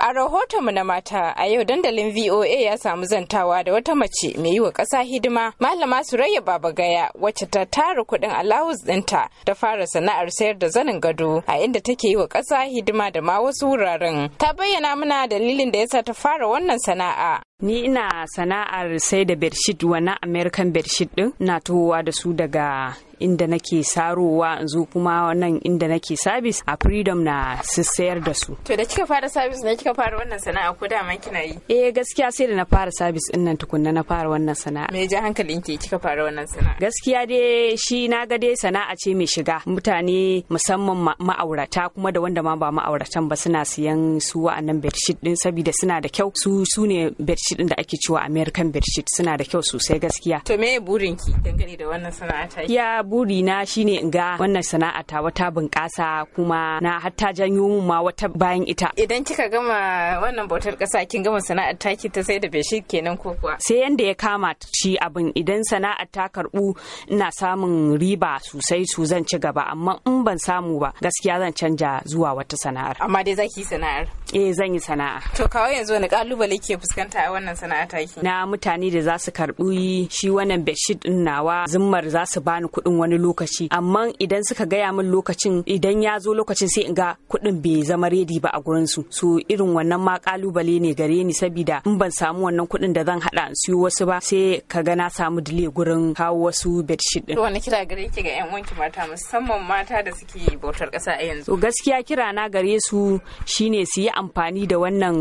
A rahoton mu na mata a yau dandalin VOA ya samu zantawa da wata mace mai yi wa ƙasa hidima Malama baba Gaya wacce ta tara kuɗin alawus ɗinta ta fara sana'ar sayar da zanin gado a inda take yi wa ƙasa hidima da ma wasu wuraren. Ta bayyana mana dalilin da yasa ta fara wannan sana'a. Ni ina sana'ar sai da bedsheet wani American bedsheet din na tohowa da su daga inda nake sarowa in zo kuma nan inda nake sabis a freedom na sayar da su. To da kika fara sabis ne kika fara wannan sana'a ko da man kina yi? Eh gaskiya sai da na fara sabis din nan tukunna na fara wannan sana'a. Me ja hankalin ki kika fara wannan sana'a? Gaskiya dai shi na ga dai sana'a ce mai shiga mutane musamman ma'aurata kuma da wanda ma ba ma'auratan ba suna siyan su wa'annan bedsheet din saboda suna da kyau su su ne bedsheet bedsheet din da ake cewa American bedsheet suna da kyau sosai gaskiya. To me burin ki dangane da wannan sana'a Ya buri na shine in ga wannan sana'a ta wata bunƙasa kuma na hatta janyo mun ma wata bayan ita. Idan kika gama wannan bautar ƙasa kin gama sana'ar taki ta sai da bedsheet kenan ko kuwa? Sai yanda ya kama shi abin idan sana'ar ta karbu ina samun riba sosai su zan ci gaba amma in ban samu ba gaskiya zan canja zuwa wata sana'ar. Amma dai zaki sana'ar? Eh zan yi sana'a. To kawai yanzu wani kalubale ke fuskanta wannan sana'a ta ki na mutane da za su karbi shi wannan bedsheet din nawa zimmar za su bani kuɗin wani lokaci amma idan suka gaya min lokacin idan ya zo lokacin sai in ga kuɗin bai zama ready ba a gurin su so irin wannan ma kalubale ne gare ni saboda in ban samu wannan kuɗin da zan hada in siyo wasu ba sai ka ga na samu dile gurin kawo wasu bedsheet din to wani kira gare ki ga yan wanki mata musamman mata da suke bautar ƙasa a yanzu gaskiya kira na gare su shine su yi amfani da wannan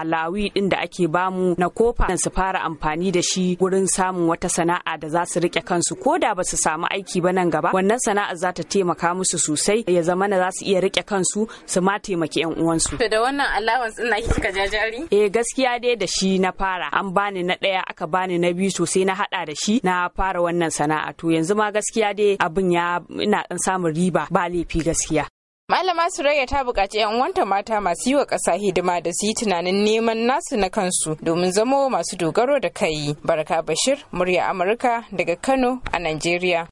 alawi din da ake bamu na kofa su fara amfani da shi wurin samun wata sana'a da za su rike kansu ko da ba su samu aiki ba nan gaba wannan sana'a za ta taimaka musu sosai ya zama na za su iya rike kansu su ma taimaki yan uwansu. To da wannan allowance ina kika jajari? Eh gaskiya dai da shi na fara an bani na ɗaya aka bani na biyu sosai na haɗa da shi na fara wannan sana'a to yanzu ma gaskiya dai abin ya ina dan samun riba ba laifi gaskiya. Malama suraya ta buƙaci 'yan uwanta mata masu yi wa ƙasa hidima da su yi tunanin neman nasu na kansu domin zamo masu dogaro da kai. Barka Bashir, murya Amurka daga Kano a Najeriya.